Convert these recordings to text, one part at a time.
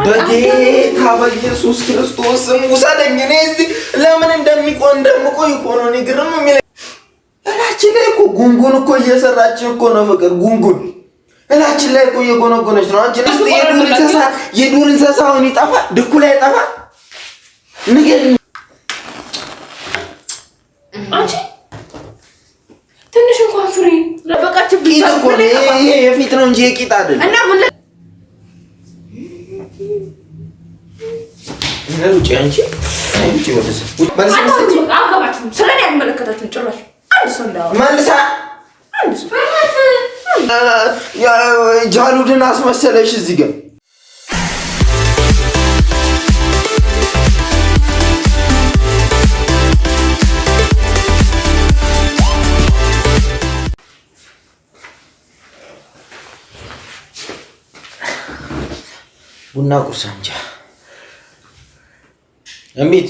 በጌታ በኢየሱስ ክርስቶስ ውሰደኝ። እኔ እዚህ ለምን እንደሚቆይ እንደምቆይ እኮ ነው እኔ ግርም የሚለኝ። እላችን ላይ እኮ ጉንጉን እኮ እየሰራችን እኮ ነው ፍቅር ጉንጉን እላችን ላይ እኮ እየጎነጎነች ነው። አንቺ ነስ የዱር እንስሳ የዱር እንስሳ አሁን ይጠፋል፣ ድኩ ላይ ይጠፋል። ንገድ አንቺ ትንሽ እንኳን ፍሬ ለበቃችብኝ። ይሄ የፊት ነው እንጂ የቂጥ አይደለም እና ውጭ አንቺ ውጭ ወደዛ አልገባችሁም። ስለኔ አይመለከታችሁም ጭራሽ። አንድ ሰው መልሳ ጃሉድን አስመሰለሽ እዚህ ጋር ቡና ቁርስ አንጃ እምቢት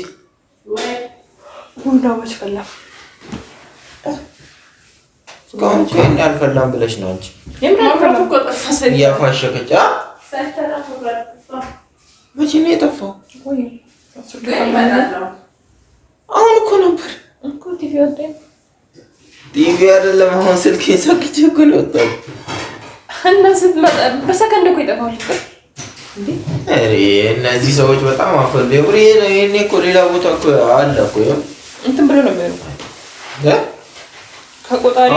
ቡናዎች ፈላ እስካሁን ይሄን አልፈላም ብለሽ ነው አንቺ እያፏሸከች መቼ ነው የጠፋው? አሁን እኮ ነበር ቲቪ አይደለም አሁን ስልክ ሰክቼ እኮ ነው የወጣው እና ስትመጣ በሰከንድ እኮ ይጠፋል። እነዚህ ሰዎች በጣም አፈር ይሄኔ እኮ ሌላ ቦታ አለ እኮ እንትን ብሎ ነው የሚሆነው። ከቆጣሪ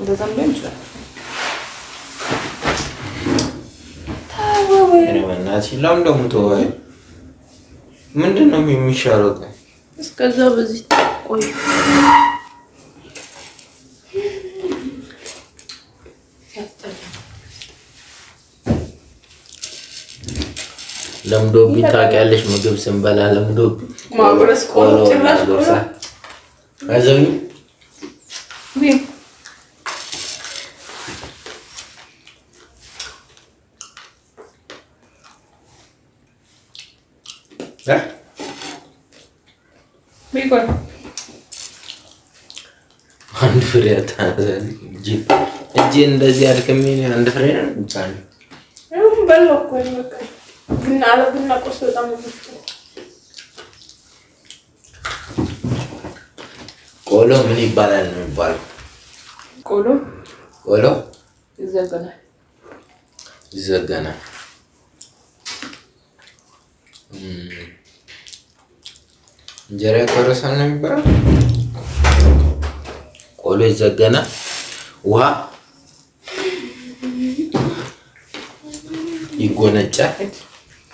እንደዛም ሊሆን ይችላል። ለምን ደግሞ ተወው? ምንድን ነው የሚሻለው? እስከዛ በዚህ ቆይ ለምዶብኝ ታውቂያለሽ። ምግብ ስንበላ ለምዶብኝ ማጉረስ ቆሎ ጭራሽ ቆሎ አንድ ፍሬ እጄ እንደዚህ አድክሜ አንድ ፍሬ ነው ቡና በቡና ቁርስ በጣም ቆሎ ምን ይባላል ነው የሚባለው? ቆሎ ቆሎ ይዘገናል ይዘገናል። እንጀራ ይቆረሳል ነው የሚባለው። ቆሎ ይዘገናል። ውሃ ይጎነጫል።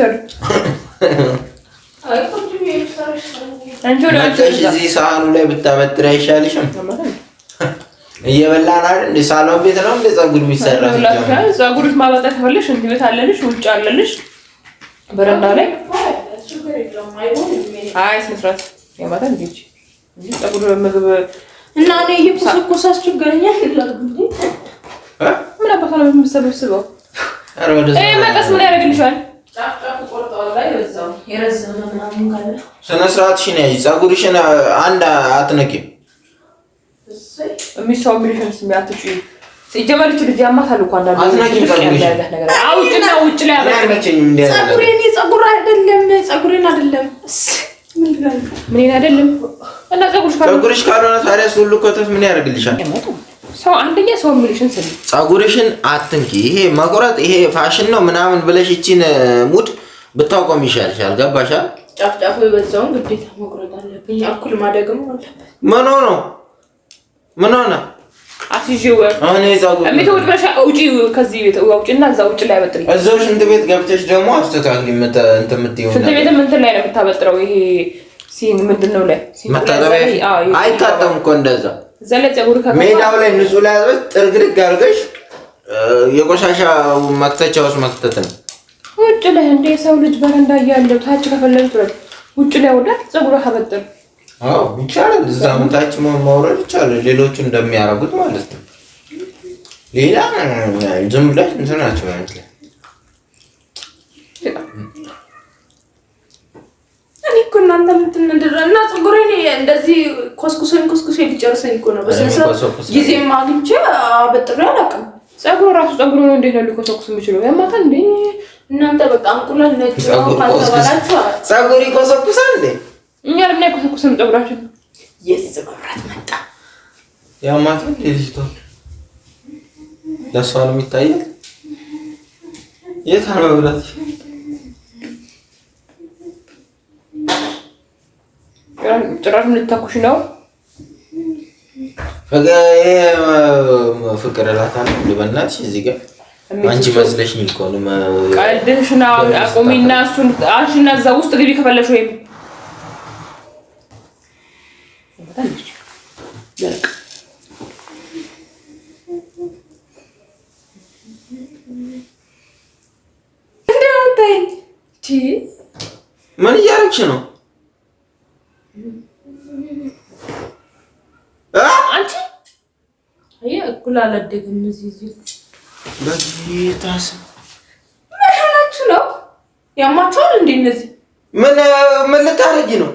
የምትሰሩ? መጥተሽ እዚህ ሳህኑ ላይ ብታበጥሪ አይሻልሽም? እየበላን አይደል? ሳሎን ቤት ነው እንደ ፀጉር የሚሰራ ፀጉር ቤት አለልሽ፣ ውጭ አለልሽ፣ በረንዳ ላይ አይ ስነ ስርዓት እንጂ ፀጉር ምግብ እና እኔ ምን አባታ ነው መቀስ ምን ያደርግልሻል? ስነ ስርዓት ሽን ያይ ጸጉርሽን አንድ አትነቂ። የሚሰው ሚልሽንስ ሚያትጪ ልጅ ያማታል እኮ አንዳንድ አውጭና ውጭ ላይ ጸጉሬን ጸጉር አይደለም ጸጉሬን አይደለም ምን አይደለም እና ጸጉርሽ ካልሆነ ታዲያ ሁሉ ኮተት ምን ያደርግልሻል? ሰው አንደኛ ሰው የሚልሽን ስሚ። ጸጉርሽን አትንኪ። ይሄ መቁረጥ ይሄ ፋሽን ነው ምናምን ብለሽ ይቺን ሙድ ብታውቆም ይሻልሻል። ገባሻል? ጫፍጫፉ የበዛውን ግዴታ መቁረጥ አለብኝ። እኩል ማደግም አለበት። ምን ሆኖ ምን ሆነ? ከዚህ ቤት ውጪ እና ሽንት ቤት ገብተሽ ደግሞ አስተካክል። እንትን የምትይው ሽንት ቤት እንትን ላይ ነው የምታበጥረው። ይሄ ምንድን ነው ላይ መታጠቢያ አይታጠብም እኮ እንደዛ ሜዳው ላይ ንጹህ ላይ አጥበት ጥርግርግ አድርገሽ የቆሻሻ መክተቻ ውስጥ መክተት ነው። ውጭ ላይ እንደ የሰው ልጅ በረንዳ እያለው ታች ከፈለግ ድረስ ውጭ ላይ ወዳት ፀጉር ከበጥር አዎ ይቻላል። እዛ ምታች ማውረድ ይቻላል። ሌሎቹ እንደሚያደርጉት ማለት ነው። ሌላ ዝም ብለሽ እንትናቸው ማለት ነው እናንተ ምትንድረ እና ፀጉሬን እንደዚህ ኮስኩሶኝ ኮስኩሶኝ ሊጨርሰኝ እኮ ነው። ጊዜ አግኝቼ አበጥሬ አላውቅም። ፀጉሩ ራሱ ፀጉሩ ነው። እንዴት ነው ሊኮሰኩስ የሚችለው? ያማታ እንዴ እናንተ በቃ እንቁላል ነጭ ካልተባላችሁ ፀጉር ይኮሰኩሳል እንዴ? እኛ ለምን አይኮሰኩስም ፀጉራችን? የስ መብራት መጣ። ያማታ እንዴ ልጅቷ ለእሷ ነው የሚታየል። የት መብራት ጭራሽ ልትተኩሽ ነው? ፍቅር እላታለሁ። በእናትሽ እዚህ ጋር አንቺ መስለሽኝ እኮ ነው። ቀልድሽን አቁሚና እሱን አንቺና እዛ ውስጥ ግቢ ከፈለሽ ወይም ምን እያደረግሽ ነው? ይሄ እኩል አላደግም። እዚህ እዚህ በጌታስ መሻላችሁ ነው ያማችኋል እንዴ? እነዚህ ምን ምን ልታረጊ ነው?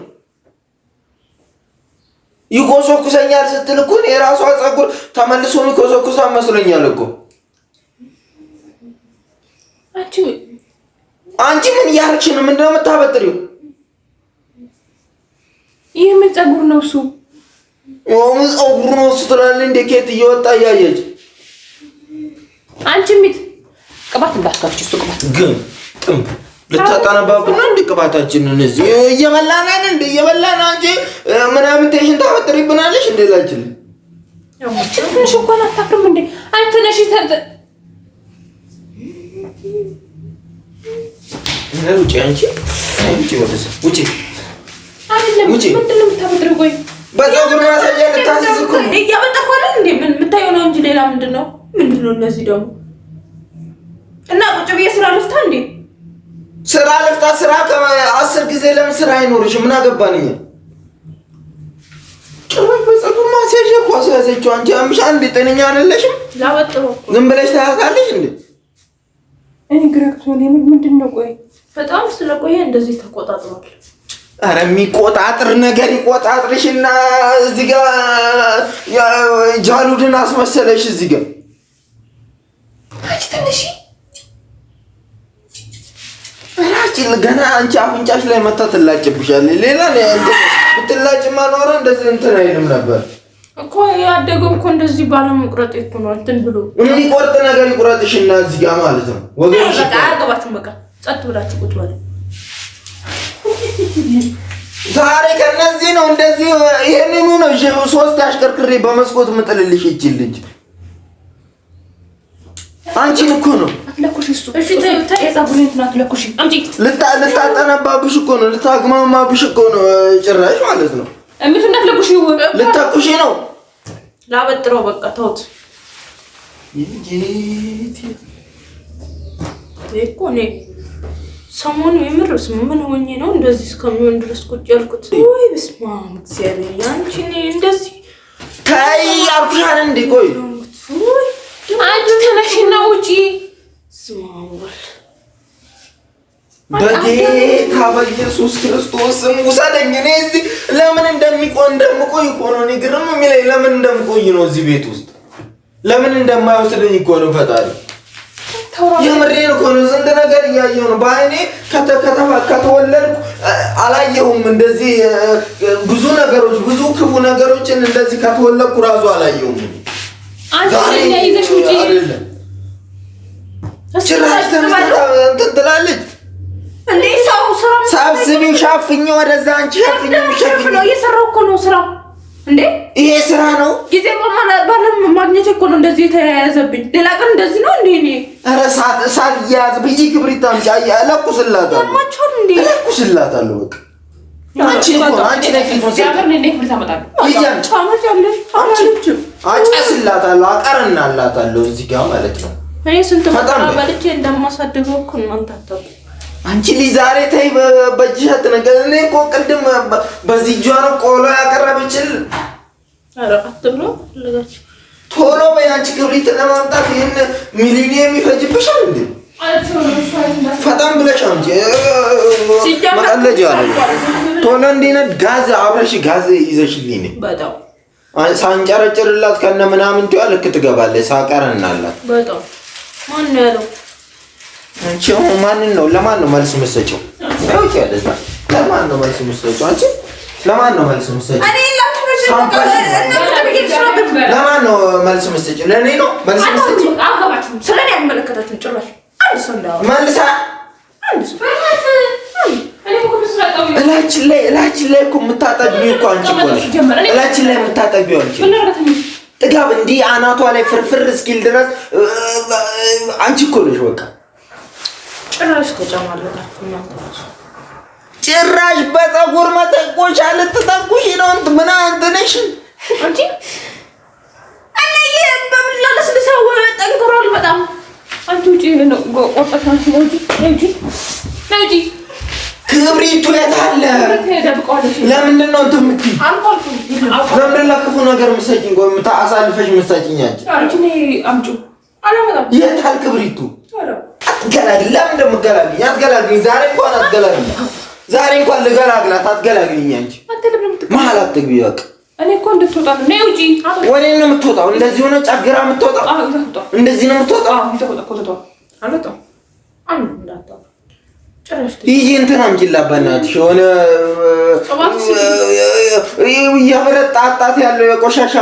ይኮሰኩሰኛል ስትል እኮ የራሷ ፀጉር ተመልሶ ይኮሰኩሳ መስሎኛል እኮ አንቺ አንቺ ምን እያረግሽ ነው? ምንድነው የምታበጥሪው? ይህ ምን ፀጉር ነው እሱ? ኦሙ ጸጉሩ ነው እሱ ትላለህ። እንደ ኬት እየወጣ እያየች አንቺ ሚት ቅባት እንዳትከፍቺ። እሱ ቅባት ግን ጥም ልታጠነባብን እንደ ቅባታችንን እዚህ እየበላናን እንደ እየበላና አንቺ ምናምን ቴሽን ታፈጥሪብናለሽ። እንደላችን ትንሽ እንኳን አታፍርም እንዴ? አንተ ነሽ ተንተ ውጪ አንቺ ውጪ ወደዛ ውጪ አይደለም ምንድን ነው የምታፈጥሪው? ቆይ በፀጉር ማሳያ ልታስይዝ እኮ እያመጣሁ አይደል እንዴ? ምን የምታየው ነው እንጂ ሌላ ምንድን ነው? ምንድን ነው? እነዚህ ደግሞ እና ቁጭ ብዬ ስራ ልፍታ እንዴ? ስራ ልፍታ ስራ አስር ጊዜ ለምን ስራ አይኖርሽ? ምን አገባንኛ? ጭራሽ በፀጉር ማስያዣ እኮ አስያዘችው። አንቺ አምሻ እንዴ? ጤነኛ አይደለሽም። ዝም ብለሽ ታያታለሽ እንዴ? እኔ ግረግቶ ምንድን ነው? ቆይ በጣም ስለቆየ እንደዚህ ተቆጣጥሯል። አረ የሚቆጣጥር ነገር ይቆጣጥርሽና እዚህ ጋ ጃሉድን አስመሰለሽ። እዚህ ጋር ጋ ትንሽ ገና አንቺ አፍንጫሽ ላይ መታ ትላጭብሻል። ሌላ ብትላጭ ማኖረ እንደዚህ እንትን አይልም ነበር እኮ ያደገው እኮ እንደዚህ ባለመቁረጥ እኮ ነው። እንትን ብሎ የሚቆርጥ ነገር ይቁረጥሽና እዚህ ጋር ማለት ነው ወገንሽ በቃ አያገባችሁም። በቃ ጸጥ ብላችሁ ቁጭ በለው ዛሬ ከነዚህ ነው እንደዚህ ይሄንኑ ነው ሶስት አሽከርክሬ በመስኮት ምጥልልሽ ይችል ልጅ አንቺን እኮ ነው ልታ ልታጠነባብሽ እኮ ነው ልታግማማብሽ እኮ ነው ጭራሽ ማለት ነው ልታቁሽ ነው ላበጥረው በቃ ተውት እኮ ነው ሰሞኑ የምር ምን ሆኜ ነው እንደዚህ እስከሚሆን ድረስ ቁጭ ያልኩት? ወይ በስመ አብ እግዚአብሔር ያንቺ እንደዚህ ታይ አብርሃን እንዴ ቆይ አንቺ ተነሽና ውጪ። በጌታ በኢየሱስ ክርስቶስ ስም ውሰደኝ። እኔ እዚህ ለምን እንደሚቆይ እንደምቆይ እኮ ነው እኔ ግርም የሚለኝ ለምን እንደምቆይ ነው እዚህ ቤት ውስጥ ለምን እንደማይወስደኝ እኮ ነው ፈጣሪ የምሬን እኮ ነው። ስንት ነገር እያየሁ ነው በአይኔ ከተወለድኩ አላየሁም። እንደዚህ ብዙ ነገሮች ብዙ ክፉ ነገሮችን እንደዚህ ከተወለድኩ ራሱ አላየሁም። ጭራሽ እንትን ትላለች። ሰብስቢው ሻፍኝ፣ ወደዛ አንቺ ሻፍኝ። እየሰራሁ እኮ ነው ስራው እንዴ ይሄ ስራ ነው። ጊዜ ማግኘት እኮ ነው እንደዚህ የተያያዘብኝ። ሌላ ቀን እንደዚህ ነው እንዴ? እኔ ኧረ ሰዓት ሰዓት እያያዘብኝ ክብሪት አምጪ እለኩስላታለሁ፣ እለኩስላታለሁ። በቃ አንቺ እኮ አንቺ አጨስላታለሁ፣ አቀርናላታለሁ እዚህ ጋር ማለት ነው። እኔ ስንት በልቼ እንደማሳድገው እኮ እናንተ አታውቅም አንቺ ልጅ ዛሬ ተይ፣ በእጅሽ አትነገር። እኔ እኮ ቅድም በዚህ እጇ ነው ቆሎ ያቀረበችልን። ቶሎ በይ አንቺ ክብሪት ለማምጣት ይህን ሚሊኒየም ይፈጅብሻል እንዴ! ፈጣን ብለሽ አምጪ። መቀለጃ ቶሎ እንዲነት ጋዝ አብረሽ ጋዝ ይዘሽልኝ ሳንጨረጭርላት ከነ ምናምን ልክ ትገባለች። ሳቀረናላት በጣም ማን ያለው አንቺ አሁን ማንን ነው ለማን ነው መልስ የምትሰጪው? ለማን ነው መልስ የምትሰጪው? አንቺ ለማን ነው መልስ ለማን ነው መልስ ለእኔ ነው መልስ የምትሰጪው? ስለኔ ጭራሽ። እላችን ላይ እላችን ላይ እኮ የምታጠቢው እኮ አንቺ እኮ ነሽ። እላችን ላይ የምታጠቢው አንቺ ጥጋብ እንዲህ አናቷ ላይ ፍርፍር እስኪል ድረስ አንቺ እኮ ነሽ በቃ ጭራሽ ተጨማለቃችሁ። ጭራሽ በፀጉር መጠቆሻ ነው? ምን አንተ ነሽ እንጂ በጣም አንቺ ውጪ ነው ቆጣሽ ነው እንጂ እንጂ ክብሪቱ የት አለ? ለምንድን ነው እንትን የምትይ? ለምንድን ነው ክፉ ነገር የምትሰጪኝ? ቆይ አሳልፈሽ የምትሰጪኝ አንቺ የት አለ ክብሪቱ? አትገላግኝ። ለምን እንደምገላግኝ? አትገላግኝ። ዛሬ እንኳን አትገላግኝ። ዛሬ እንኳን ልገላግላት አትገላግኝ። አንቺ መሀል አትግቢ። በቃ እኔ እኮ እንድትወጣ ነው ነው የምትወጣው። እንደዚህ ሆነ ጨግራ የምትወጣው እንደዚህ ነው የምትወጣው። ይህ እንትን አምጪላት በእናትሽ የሆነ እያበረጣጣት ያለው የቆሻሻ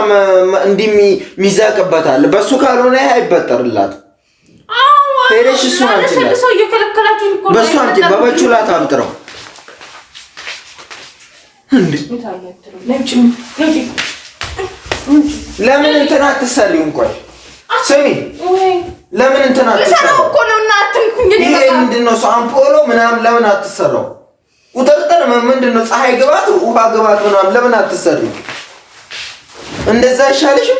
እንዲህ የሚዛቅበታል። በእሱ ካልሆነ አይበጠርላት ሄደሽ እሱ አንቺ በበቹላት አምጥረው ለምን እንትን አትሰሪውም? ቆይ ስሚ፣ ለምን እንትን አትሰራው እኮ ነው። እና አትንኩኝ። ይሄ ምንድን ነው? ሳምፖሎ ምናምን ለምን አትሰራው? ቁጥርጥር ምንድን ነው? ፀሐይ ግባት፣ ውሃ ግባት ምናምን ለምን አትሰሪው? እንደዛ አይሻልሽም?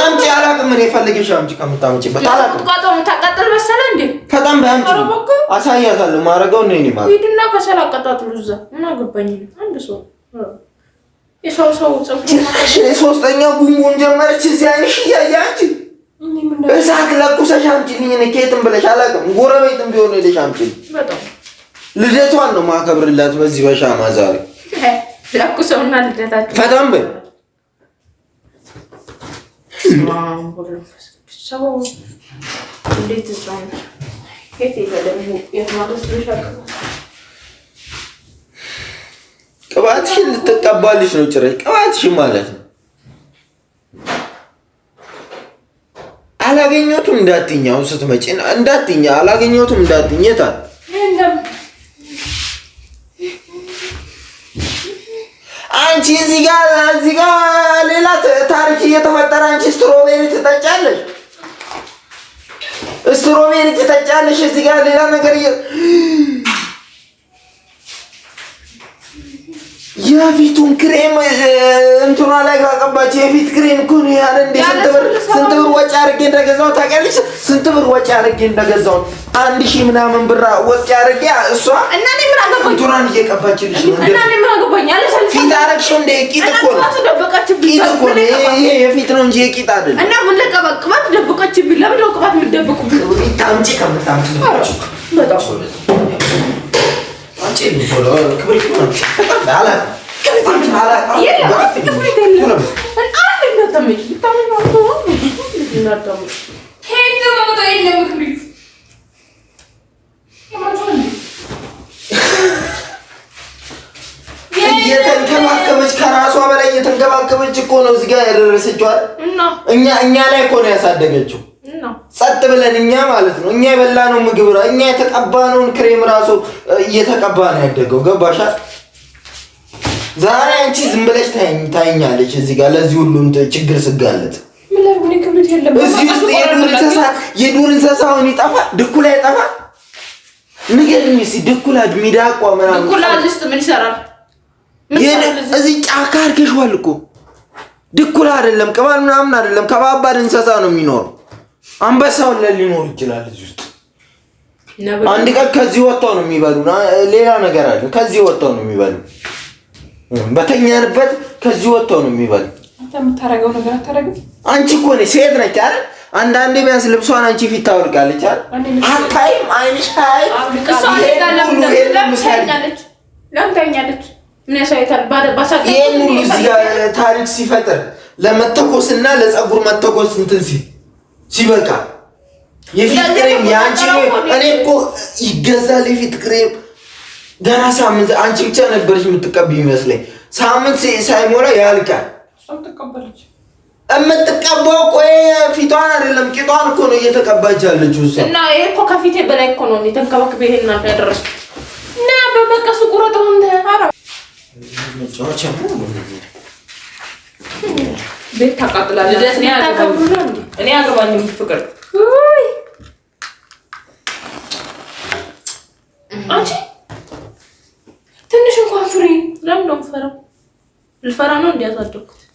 አንቺ አላቅም እኔ ፈልጌሽ አንቺ ከምታመጪበት አላቅም። የምታቃጥል መሰለህ እንዴ? በጣም በአንቺ አሳያታለሁ። ማረገው ነው እኔ ማለት ሂድና ከሰል አቀጣጥሉ። እዛ ምን አገባኝ? አንድ ሰው የሰው ሰው ፀጉር ሶስተኛ ጉንጉን ጀመረች። እዚህ አይንሽ እያየ አንቺ እሳት ለኩሰሽ አምጪልኝ። እኔ ከየትም ብለሽ አላቅም። ጎረቤትም ቢሆን ሄደሽ አምጪልኝ። ልደቷን ነው ማከብርላት በዚህ በሻማ ዛሬ ለኩሰውና ልደታችሁ በጣም በይ ቅባትሽን ልትቀባልሽ ነው ጭራሽ። ቅባትሽን ማለት ነው። አላገኘሁትም እንዳትኝ፣ አሁን ስትመጪ እንዳትኝ፣ አላገኘሁትም እንዳትኝ የታል አንቺ እዚህ ጋር እዚህ ጋር ሌላ ታሪክ እየተፈጠረ አንቺ ስትሮቤሪ ትጠጫለሽ፣ ስትሮቤሪ ትጠጫለሽ። እዚህ ጋር ሌላ ነገር የፊቱን ክሬም እንትኗ ላይ ካቀባች የፊት ክሬም እኮ ነው ያለ። እንደ ስንት ብር ስንት ብር ወጪ አድርጌ እንደገዛው ታውቂያለሽ? ስንት ብር ወጪ አድርጌ እንደገዛው አንድ ሺህ ምናምን ብር ወጪ አድርጌ እሷ እና እኔ ምን አገባኝ? እንትኗን እየቀባችልሽ ነው እና እኔ ምን አገባኝ? ፊት አደረግሽ እንደ ቂጥ እኮ ነው ቂጥ እኮ ነው ይሄ የፊት ነው እንጂ የቂጥ አይደለም። እና ምን ለቀባ ቅባት ደብቀችብኝ። ለምን ነው ቅባት የምትደብቁ? አምጪ ከምታምጪ በጣም እየተንከባከበች ከራሷ በላይ እየተንከባከበች እኮ ነው እዚህ ጋ ያደረሰችዋል። እኛ ላይ እኮ ነው ያሳደገችው። ጸጥ ብለን እኛ ማለት ነው እኛ የበላነው ምግብ እኛ የተቀባነውን ክሬም ራሱ እየተቀባ ነው ያደገው። ገባሻ? ዛሬ አንቺ ዝም ብለሽ ታይኛለች እዚህ ጋር ለዚህ ሁሉ ችግር ስጋለት እዚህ ውስጥ የዱር እንስሳ አሁን ይጠፋ ድኩላ ይጠፋ ንገሪኝ እስኪ ድኩላ ሚዳቋ ምናምን ድኩላ እዚህ ውስጥ ምን ይሰራል? እዚህ ጫካ አድርገሽዋል እኮ ድኩላ አይደለም ቅማል ምናምን አይደለም ከባባድ እንስሳ ነው የሚኖረው አንበሳው ሊኖር ይችላል እዚህ ውስጥ። አንድ ቀን ከዚህ ወጣው ነው የሚበሉ። ሌላ ነገር አለ። ከዚህ ወጣው ነው የሚበሉ። በተኛንበት ከዚህ ወጣው ነው የሚበሉ። አንቺ እኮ ነሽ ሴት ነች አይደል? አንዳንዴ ቢያንስ ልብሷን አንቺ ፊት ታወልቃለች አይደል? አታይም? አይንሽ አይ ታሪክ ሲፈጥር ለመተኮስና ለፀጉር መተኮስ እንትን ሲል ሲበቃ የፊት ክሬም የአንቺ እኔ እኮ ይገዛል። የፊት ክሬም ገና ሳምንት አንቺ ብቻ ነበረች የምትቀብ ይመስለኝ። ሳምንት ሳይሞላ ያልቃል። የምትቀባው ቆይ ፊቷን አይደለም ቂጧን እኮ ነው እየተቀባች ያለችው እሷ። እና ይሄ እኮ ከፊቴ በላይ እኮ ነው ተንከባክቤ ይሄን ያደረስኩት እና በመቀሱ ቁረጠውን አራ ቤት ታቃጥላለህ። እኔ አገባኝ ፍቅር አንቺ ትንሽ እንኳን ፍሪ። ለምን ነው የምፈራው? ልፈራ ነው እንዲያሳደግኩት